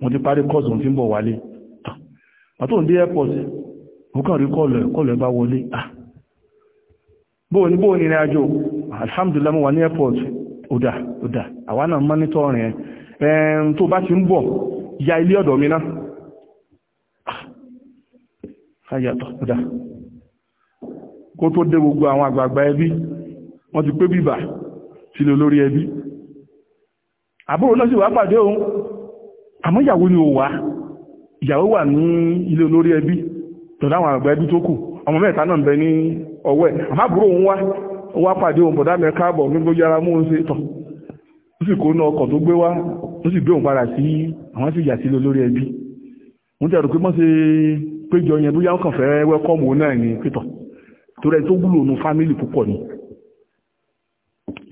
Speaker 1: wọ́n ti parí kọ́ọ̀sì wọ́n ti ń bọ̀ wálé pàtó ah, ń dé airport kàn rí kọ́ọ̀lù ẹ̀ kọ́ọ̀lù wọlé ah, bóò ní ní ìrìn àjò ah, alhamdulillah mo wà ní airport ọ̀dà ọ̀dà àwa náà mọ́nítọ̀ rẹ̀ ẹ̀ tó bá ti ń bọ̀ ya ilé ọ̀dọ̀ mi náà ayàtọ̀ wọ́n ti pé bíbà sí lórí ẹbí àbúrò lọ́sí wà pàdé òun àmọ́ ìyàwó ni ó wà ìyàwó wà ní ilé olórí ẹbí tọ̀dá àwọn àgbà ẹbí tó kù ọmọ mẹ́ta náà bẹ ní ọwọ́ ẹ̀ àmọ́ àbúrò òun wá wá pàdé òun bọ̀dá mẹ́ káàbọ̀ nígbó yára mú un ṣe tọ̀ ó sì kó ná ọkọ̀ tó gbé wá ó sì gbé òun padà sí àwọn sì yà sí ilé olórí ẹbí wọ́n ti rò pé mọ́ ṣe péjọ yẹn bóyá ó kàn fẹ́ wẹ́kọ́mù náà ní pétọ̀ torí ẹni tó wúlò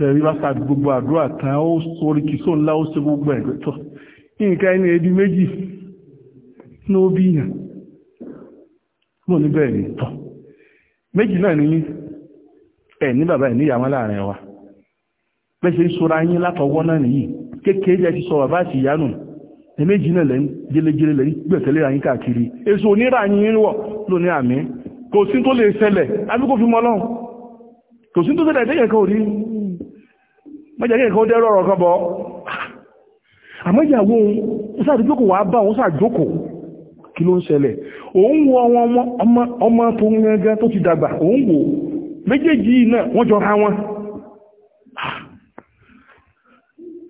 Speaker 1: lẹ́rí bá sàbí gbogbo àdúrà tán ó sórí kì só ńlá ó ṣe gbogbo ẹ̀gbẹ́ tọ́ nǹkan ẹni ẹbí méjì ní ó bí yàn mọ́ níbẹ̀ ní tọ́ méjì náà ní ẹ̀ ní bàbá ẹ̀ níyàwó láàrin wa bẹ́ẹ̀ ṣe ń sora yín látọwọ́ náà nìyí kékeré jẹ́ ti sọ bàbá àti ìyá nù ẹ̀mẹ́jì náà lẹ́yìn jẹ́lẹ́jẹ́lẹ́ lẹ́yìn gbẹ̀tẹ̀lẹ́ ra yín káàkiri èso onírà yín wọ̀ lónìí àmì kò sí tó lè ṣẹlẹ̀ àbí kò fi mọ́ lọ́hùn kò sí tó ṣẹlẹ̀ ẹ̀dẹ́yẹ̀ kan ò rí mọ́jẹ́ kí nǹkan dẹ́rọ ọ̀rọ̀ kan bọ́ àmọ́jàwó òun sàdújókò wà bá òun sàdújókò kí ló ń ṣẹlẹ̀ òun wo ọmọ tó ń gẹ́gẹ́ tó ti dàgbà òun wò méjèèjì náà wọ́n jọra wọn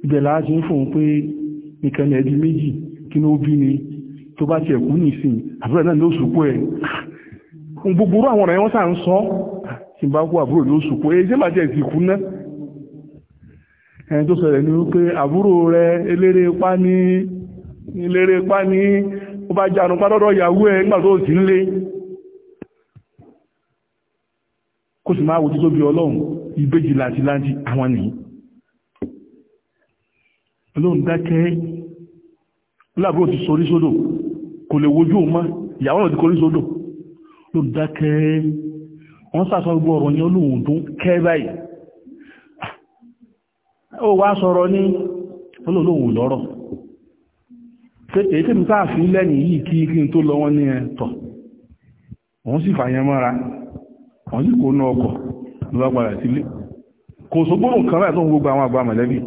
Speaker 1: ìbẹ̀lá ṣe ń fún un pé nìkan ẹ̀dí méjì kí ló bí ni tó bá ti ẹ̀kú nìsín àbúrò náà ló sùkú ẹ̀ gbogbo àwọn ọ̀rẹ́ wọn sà ń sọ ẹni tó sọ̀rọ̀ ní wípé àbúrò rẹ̀ eléré ipá ní eléré ipá ní ó bá jánu pádọ́dọ̀ ìyàwó ẹ̀ nígbà tó sì ń lé kó sì máa wojú tó bí ọlọ́run ìbejì làǹtìláǹtì àwọn nìyí ọlọ́run dákẹ́ láàbúrò ti sorí sódò kò lè wojú ọmọ ìyàwó ti korí sódò ló dákẹ́ wọ́n sàtọ́ gbọ́ ọ̀rọ̀ yẹn olóhùn tó kẹ́ báyìí ó wá sọ̀rọ̀ ní olóòlòwò lọ́rọ̀ èyí tí sáà fi yìí kí kí n tó lọ wọ́n ní ẹ̀tọ̀ wọ́n sì fàyẹ mọ́ra wọ́n sì kó ná ọkọ̀ lọ́gbàrà sílé kò sógbóhùn kan láì tóhun gbogbo àwọn àgbà mẹ̀lẹ́bí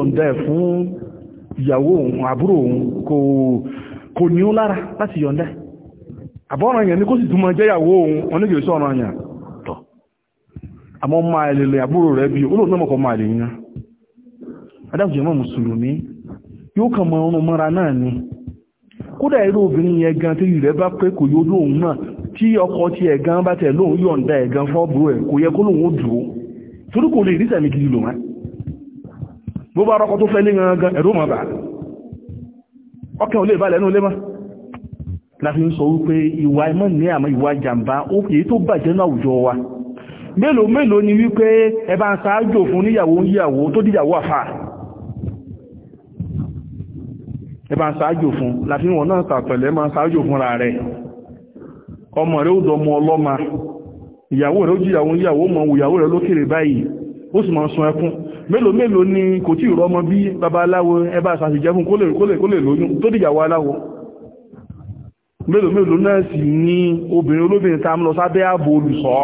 Speaker 1: ẹmọ́ ìyàwó òun àbúrò òun kò kò ní ó lára láti yọ̀ndẹ́ àbọ̀ràn yẹn ni kó sì túnmọ̀ jẹ́yàwó òun oníkèé sọ̀rọ̀ yẹn tọ̀ àmọ́ máa lèlè àbúrò rẹ̀ bí olóòtú náà mọ̀kọ́ máa lè yan adájọ́ mọ́ mùsùlùmí yóò kàn mọ ọrùn mọ́ra náà ni kódà irú obìnrin yẹn gan tí rẹ̀ bá pé kò yóò lóun náà tí ọkọ tí ẹ̀ gan bá tẹ̀ lóun yọ̀ǹda ẹ̀ gan fọ́ kò yẹ kó lóun ó dúró torí kò lè rí sẹ̀mí gidi lòun bó bá rọ́kọ tó fẹ́ ní gangan ẹ̀rọ mọ̀ bá ọkẹ́ olè ìbálẹ̀ ní olè mọ́ láti ń sọ wípé ìwà ìmọ̀ ní àmọ́ ìwà jàǹbá ó kìí tó bàjẹ́ náà àwùjọ wa mélòó mélòó ni wípé ẹ bá ń ṣáájò fún níyàwó níyàwó tó díyàwó àfà ẹ bá ń ṣáájò fún láti wọn náà tàpẹ̀lẹ̀ máa ṣáájò fúnra rẹ̀ ọmọ rẹ̀ ó dọmọ ọlọ́mà ìyàwó rẹ̀ ó jíyàwó níyàwó mọ̀ wùyàwó rẹ̀ lókèrè báyìí ó sì máa sun ẹkún mélòó mélòó ni kò tí ìrọmọ bí babaláwo ẹbá sàṣìjẹ́ fún kólè lóyún tó dìyàwó aláwo mélòó mélòó náà sì ní obìnrin olóbìnrin tá lọ sábẹ́ ààbò olùṣọ́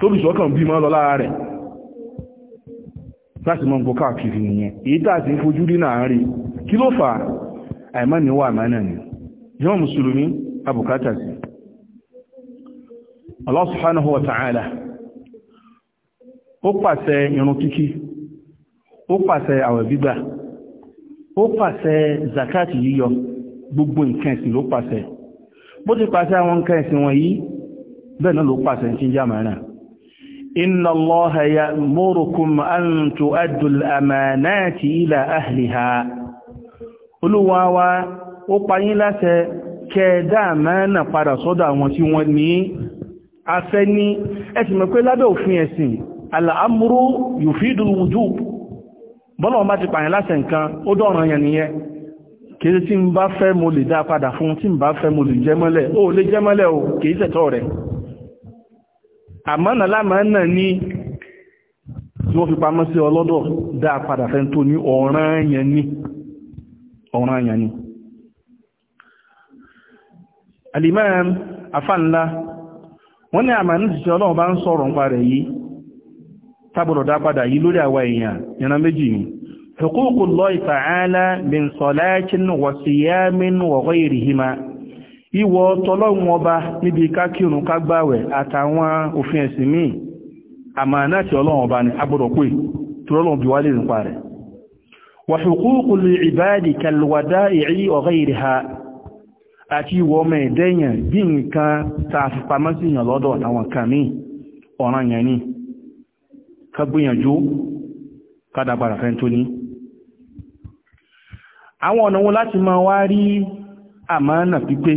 Speaker 1: tó lùṣọ́ kàn bí mọ́ lọ rẹ̀ Allah subhanahu wa ta'ala ó pàṣẹ irun kíkí ó pàṣẹ àwẹ̀ gbígbà ó pàṣẹ zakati yíyọ gbogbo nǹkan ẹ̀sìn ló pàṣẹ bó ti pàṣẹ àwọn nǹkan ẹ̀sìn wọ̀nyí bẹ́ẹ̀ náà ló pàṣẹ ní jíjá mẹ́rin inna allaha ya'murukum an tu'addu al-amanati ila ahliha Olúwa wa ó pa yín láṣẹ kẹ́ẹ̀dá àmánà padà sọ́dọ̀ àwọn tí wọ́n ní afẹ́ ní ẹ sì mọ̀ pé lábẹ́ òfin ẹ̀sìn al'amuru yufidul wujub bọ́lọ̀ bá ti pààyàn láṣẹ nǹkan ó dọ̀ràn yẹn nìyẹn kìí tí ń bá fẹ́ mo lè dá padà fún tí ń bá fẹ́ mo lè jẹ́mọ́lẹ̀ ó lè jẹ́mọ́lẹ̀ ò kìí tẹ̀tọ́ rẹ̀ àmọ́nà lámọ́nà ní tí wọ́n fi pamọ́ sí ọlọ́dọ̀ dá padà fẹ́ tó ní ọ̀ràn yẹn ni ọ̀ràn yẹn ni al tábọ̀rọ̀ dápadà yìí lórí àwa èèyàn ìran méjì ni huququllahi ta'ala min salatin wa siyamin wa ghayrihima ìwọ̀ tọ́lọ́run ọba níbi kákírun kágbàwẹ̀ àtàwọn òfin ẹ̀sìn míì àmànà tí ọlọ́run ọba ni agbọ́dọ̀ pé tọ́lọ́run bí wá ká gbìyànjú kádàbàrà fẹ́ tó ní àwọn ọ̀nà wọn láti máa wá rí àmánà pípé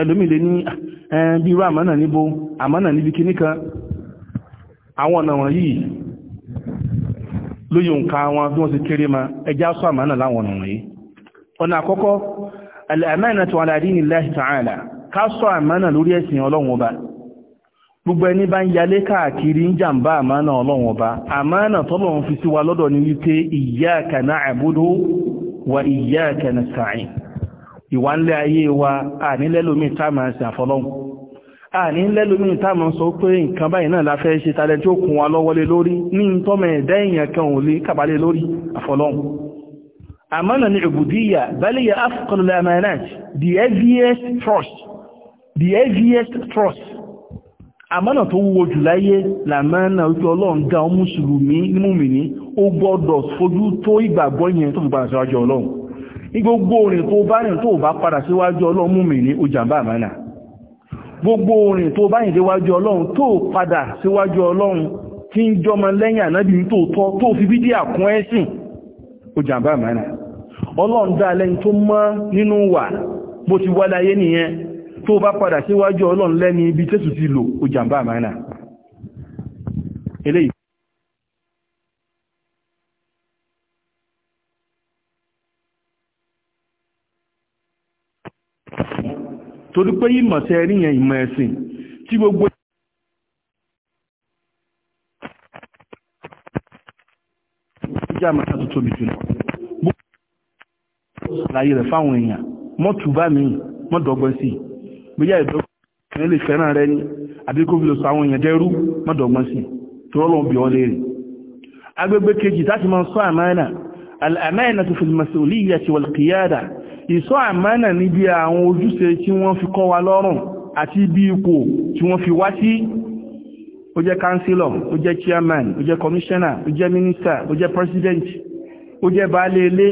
Speaker 1: ẹlòmílé ní bí irú àmánà níbo àmánà níbi kí níkan àwọn ọ̀nà wọn yìí lóyìn nǹkan wọn bí wọ́n ti kéré ma ẹjá sọ àmánà láwọn ọ̀nà wọ̀nyí ọ̀nà àkọ́kọ́ gbogbo ẹni bá ń yalé káàkiri ń jàǹbá àmánà ọlọ́run ọba àmánà tọ́lọ́run fi sí wa lọ́dọ̀ ní wípé iyyaka na'budu wa iyyaka nasta'in ìwà ńlẹ̀ ayé wa ànílẹ́lómi táàmà sí àfọlọ́hun ànílẹ́lómi táàmà sọ pé nǹkan báyìí náà la fẹ́ ṣe talẹ́ tí ó kún wa lọ́wọ́lé lórí ní tọ́mọ̀ ẹ̀dá èèyàn kan ò lè kàbálé lórí àfọlọ́hun àmánà ní ìbùdíyà baliya afqalul amanat the heaviest trust the heaviest trust àmọ́nà tó wúwo jù láyé làmọ́nà ojú ọlọ́run dá ọmú sùlùmí ní mùmìnì ó gbọ́dọ̀ fojú tó ìgbàgbọ́ yẹn tó fi síwájú ọlọ́run ní gbogbo orin tó bá rìn tó bá padà síwájú gbogbo orin tó bá rìn ọlọ́run tó padà síwájú ọlọ́run tí ń jọmọ lẹ́yìn ànábì tó tọ́ tó nínú ti tó bá padà síwájú ọlọ́run lẹ́ni ibi tẹ́sù ti lò ó jàmbá àmànà eléyìí torí pé ìmọ̀ tẹ́ ríyàn ìmọ̀ ẹ̀sìn tí gbogbo ìjà máa tó tóbi jùlọ láyé rẹ̀ fáwọn èèyàn mọ́tù bá mi mọ́dọ̀gbọ́n sí i bóyá ìdọ́kùnrin lè fẹ́ràn rẹ ní àbí kó fi lè sọ àwọn èèyàn dẹ́rú mọ́dọ̀gbọ́n sí tó rọ́lọ́ bí wọ́n léèrè agbègbè kejì láti máa sọ àmánà àmánà tó fi al-mas'uliyyati wal-qiyada ìsọ àmánà níbi àwọn ojúṣe tí wọ́n fi kọ́ wa lọ́rùn àti ibi ipò tí wọ́n fi wá sí ó jẹ́ kánsílọ̀ ó jẹ́ chairman ó jẹ́ commissioner ó jẹ́ minister ó jẹ́ president ó jẹ́ baálé ilé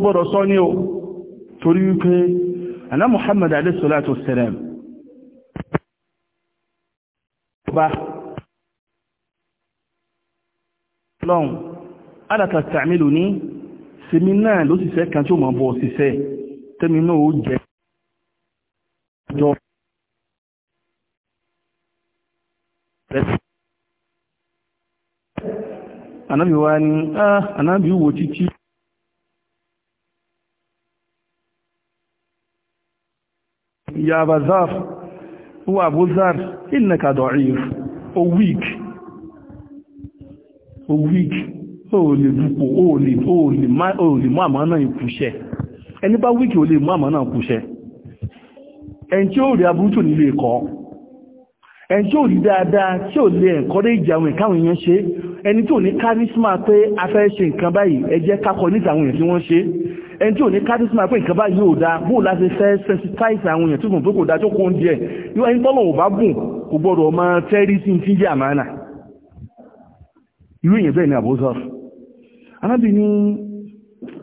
Speaker 1: gbọ́dọ̀ sọ ní o torí wípé àná Muhammad alayhi salatu wassalam ọba lọ́hùn alata tàmílù ní sinmi náà ló ṣiṣẹ́ kan tí ó máa bọ̀ ṣiṣẹ́ tẹ́mi náà ó jẹ́ ọjọ́ anábíwá ni anábíwò ah, títí ya bazar wa buzar innaka da'if o weak o weak o le dupo o le, o le ma o le ma ma na ikuse ẹni bá weak o le ma ma na kuse en tí ó rí aburuto ni lè ko en tí ó rí dáadáa tí ó lè encourage àwọn kan èèyàn ṣe ẹni tí ó ní charisma pé a fẹ́ ṣe nǹkan báyìí ẹ jẹ́ ká kọ́ ni tàwọn èèyàn tí wọ́n ṣe ẹni tí ò ní kárísímà pé nǹkan báyìí ò dáa bóò láti fẹ́ sensitize àwọn èèyàn tí kò tó kò dáa tó kó oúnjẹ yóò ẹni tọ́lọ̀ ò bá bùn kò gbọ́dọ̀ máa tẹ́rí sí ti irú èèyàn bẹ́ẹ̀ ni àbúzọ́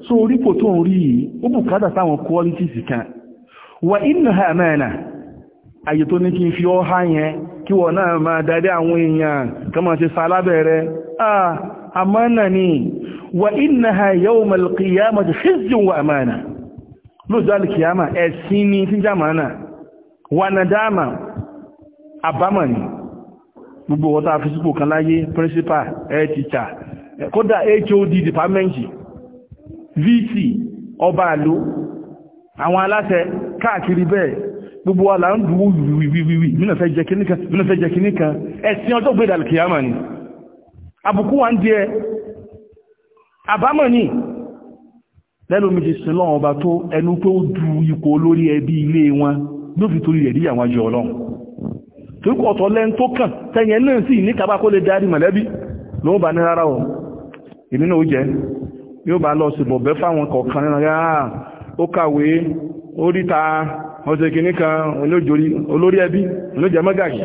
Speaker 1: so tó ń rí yìí ó kan wà inú àyè tó ní kí n fi ọ́ há yẹn kí wọ́n náà máa darí àwọn èèyàn kí sa ah amana ni wa innaha ya mace khizyun wa amana lọ́jọ́ alìkìyàmà ẹ̀sìn ni tí jàmánà na nàdámà àbámà ni gbogbo wọ́ta físíkò kan láyé principal air teacher kódà hod department vc ọba àlò àwọn aláṣẹ káàkiri bẹ́ẹ̀ gbogbo wa ń dúró mínà fẹ́ ẹ̀sìn ọjọ́ gbé ni àbùkù wa ń di ẹ àbámọ̀ ní lẹ́nu méjì sí lọ́wọ́ ọba tó ẹnu tó du ipò olórí ẹbí ilé wọn ló fi torí ẹ̀dí àwọn ajé ọlọ́run torí kọ̀ ọ̀tọ̀ lẹ́n tó kàn tẹ́yẹn náà sì ní kábá kó lè darí mọ̀lẹ́bí ló ń bá ní rárá o èmi náà ó jẹ́ yóò bá lọ sí bọ̀bẹ́ fáwọn kọ̀ọ̀kan nínú yáà ah, ó kàwé ó ríta ọ̀sẹ̀ kìnnìkan olórí olójẹ́ mọ́gàgì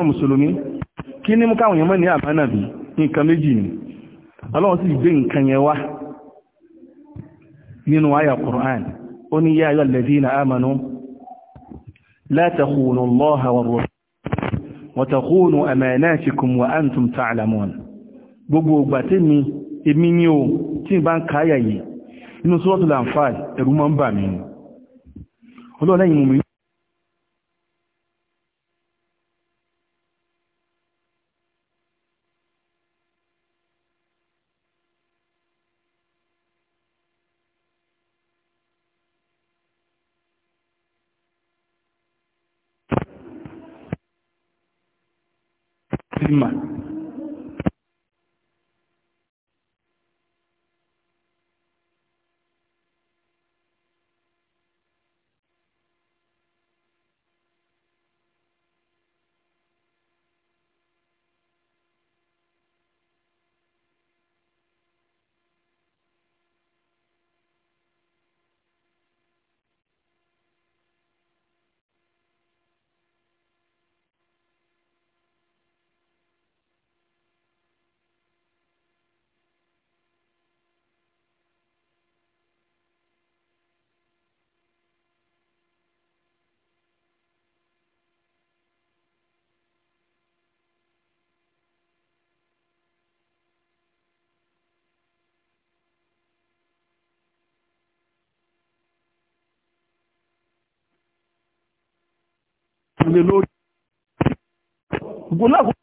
Speaker 1: jẹ́mọ̀ mùsùlùmí kí ní mú káwọn èèyàn mọ́ ní àmánà bí nǹkan méjì ni ọlọ́run sì gbé nǹkan yẹn wá nínú àyà Qur'an ó ní yá ayọ́ alladhina amanu la takhunu Allaha war-rasul wa takhunu amanatikum wa antum lé lórí gbogbo láàkó